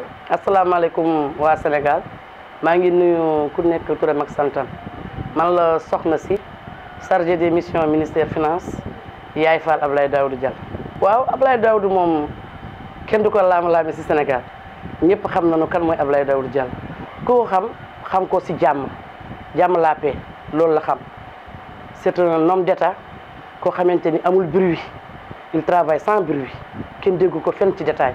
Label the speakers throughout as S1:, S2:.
S1: alaikum wa Sénégal Je suis nuyu ku nekk Je man la soxna chargé des missions ministère finance Yaye Fall Ablaye Daoud Dial. Wow, Ablaye Sénégal. je suis du laam-laame au Sénégal Je xam nañu kan si je suis la paix la xam c'est un homme d'état qui a amul bruit il travaille sans bruit Il déggu ko suis ci détail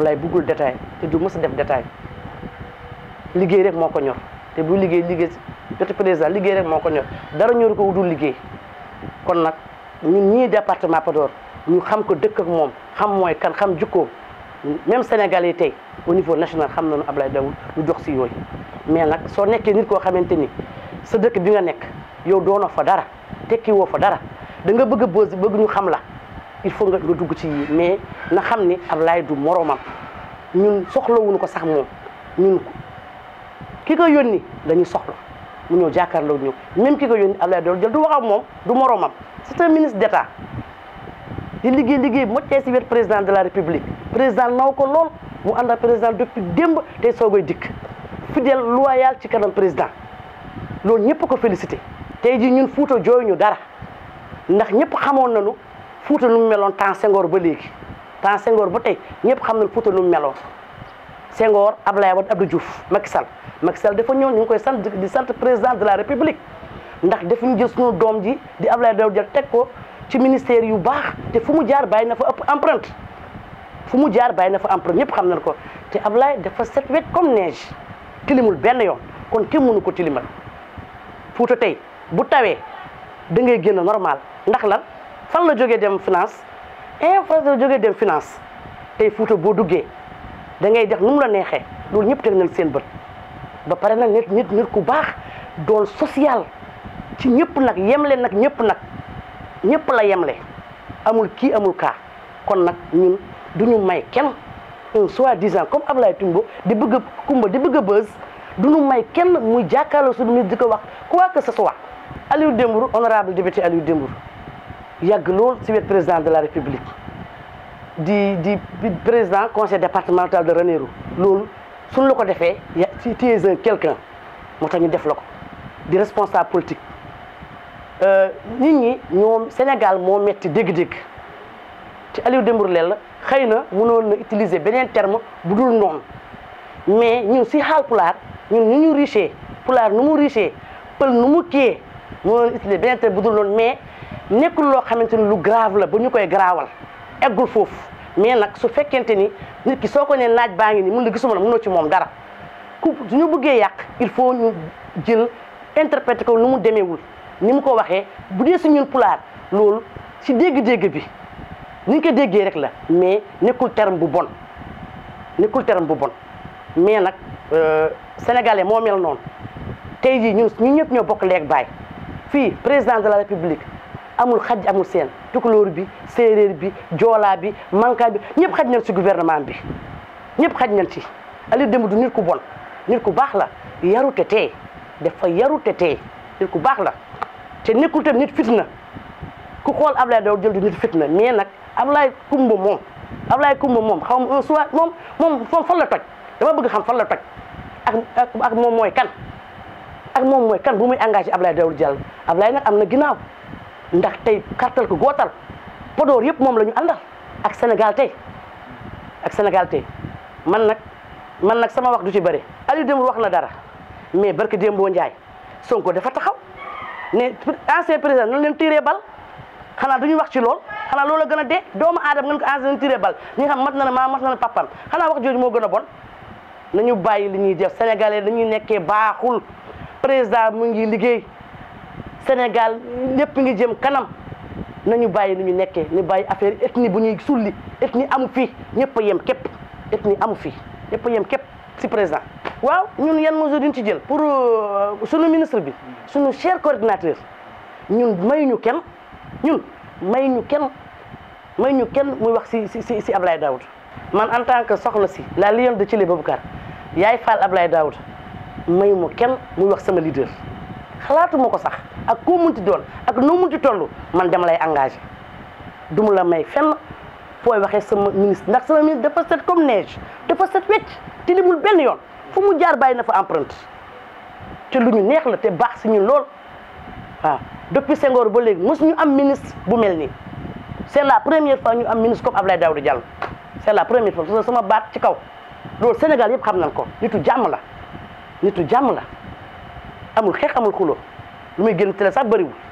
S1: Ablaye buggul détail te du mës a def détail liggéey rek moo ko ñor te bu liggéey liggéey joti président liggéey rek moo ko ñor dara ñoru ko du liggéey kon nag ñun ñii département Podor ñu xam ko dëkk ak moom xam mooy kan xam jikkoom même Sénégal yi tey au niveau national xam nañu Ablaye Daoud lu dox si yooy mais nag soo nekkee nit koo xamante ni sa dëkk bi nga nekk yow doonoo fa dara tekki woo fa dara da bëgg a bëgg ñu xam la il faut nga dugg ci yii mais na xam ni Ablaye du moroomam ñun soxlawuñu ko sax moom ñun ki ko yónni dañuy soxla mu ñëw jàkkaarloo ñu même ki ko yónni Ablaye doolu jël du wax ak moom du moromam c'est un ministre d'état di liggéey liggéey moccee si wet président de la république président naw ko lool mu ànd ak président depuis démb tey soogay dikk fidèle loyal ci kanam président loolu ñëpp ko félicité tey ji ñun Fuuta jooy ñu dara ndax ñëpp xamoon nañu Fuuta nu mu meloon temps sengoor ba léegi temps Senghor ba tey ñëpp xam na Fuuta nu mu meloon Senghor Ablaye Wade Abdou Diouf Macky Sall Macky dafa ñëw ñu ngi koy sant di sant président de la république ndax daf ñu jël suñu doom ji di Ablaye Daw jël teg ko ci ministère yu baax te fu mu jaar bàyyi na fa ëpp empreinte fu mu jaar bàyyi na fa empreinte ñëpp xam nañ ko te Ablaye dafa set wet comme neige tilimul benn yoon kon kenn mënu ko tilimal Fuuta tey bu tawee da ngay génn normal ndax lan fan la jogee dem finance infra la jógee dem finance tey Fuuta boo duggee da ngay def nu la neexee loolu ñëpp teg nañ seen bët ba pare nag nit nit ku baax doon social ci ñëpp nag yemle nag ñëpp nag ñëpp la yemle amul kii amul kaa kon nag ñun du ñu may kenn un soi-disant comme Ablaye Timbo di bëgg a kumba di bëgg a bës du ñu may kenn muy jàkkaarloo suñu nit di ko wax quoi que ce soit Aliou Dembour honorable député Aliou Dembour yàgg lool si wet président de la république di di président conseil départemental de Ranérou loolu suñ la ko defee ya si tu es quelqu'un moo tax ñu des responsables politiques. di responsable politique euh, nit ñi ñoom Sénégal moo metti dégg-dégg te Aliou Dembourou nous xëy na utiliser terme bu dul mais ñun si xaal pulaar ñun ñu ñu riche pulaar nu mu riche pël nu mu kii mënoon utiliser beneen terme bu dul mais nekkul loo xamante ni lu grave la ba ñu koy garaawal eggul foofu mais nag su fekkente ni nit ki soo ko nee naaj baa ngi ni mun la gisuma la mënoo ci moom dara ku su ñu bëggee yàq il faut ñu jël interpréter ko nu mu demeewul ni mu ko waxee bu dee si ñun pulaar loolu si dégg-dégg bi ni ko déggee rek la mais nekkul terme bu bon nekkul terme bu bon mais nag euh, sénégalais moo mel noonu tey jii ñun ñu ñëpp ñoo bokk leeg baay fii président de la république amul xaj amul seen tukulóor bi séeréer bi joolaa bi manka bi ñëpp xaj nañ si gouvernement bi ñëpp xaj nañ ci Aliou Demba du nit ku bon nit ku baax la yaru tee dafa yarute tee nit ku baax la te nekkul tam nit fitna ku xool abla Daw jël du nit fitna mais nag Ablaye Kumba moom Ablaye Kumba moom xaw ma un moom fan la toj dama bëgg xam fan la toj ak ak moom mooy kan ak moom mooy kan bu muy engagé Ablaye Daw Diallo Ablaye nag am na ginnaaw ndax tey kartal ko gootal Podor yëpp moom lañu ñu ak Sénégal tey ak Sénégal man nag man nag sama wax du ci bëri Aliou Dembourou wax na dara mais barke Dembo Ndiaye Sonko dafa taxaw ne ancien président nan leen tiiree bal xanaa du ñu wax ci lool xanaa loolu la gën a doomu aadama ngeen ko ancien tiiree bal ñi nga xam mat na ne maa mat na ne papam xanaa wax jooju moo gën a bon nañu bàyyi li ñuy def sénégalais dañuy nekkee baaxul président mu ngi liggéey Sénégal ñëpp ngi jëm kanam nañu bàyyi nu ñu nekkee ñu bàyyi affaire ethnie bu ñuy sulli ethnie amu fii ñëpp a yem képp ethnie amu fii ñëpp yem képp si président waaw ñun yan mesure duñ ci jël pour euh, suñu ministre bi suñu cher ordinateur ñun mayuñu kenn ñun mayuñu kenn mayuñu kenn muy wax si si si si Ablaye Daoud man en tant que soxna si la lionne de Thillé Baboucar yaay faal Ablaye Daoud mayuma kenn muy wax sama leader xalaatuma ko sax ak koo munti doon ak noo munti tollu man dama lay engagé du la may fenn fooy waxee sama ministre ndax sama ministre dafa set comme neige dafa set wecc te limul benn yoon fu mu jaar bàyyi na fa empreinte te lu ñu neex la te baax si ñun lool waaw depuis Senghor ba léegi mos ñu am ministre bu mel nii c'est la première fois ñu am ministre comme Abdoulaye Daouda Diallo c'est la première fois sama baat ci kaw loolu Sénégal yëpp xam nañ ko nitu jàmm la nitu jàmm la amul xeex amul xuloo lu muy génn télé sax bëriwul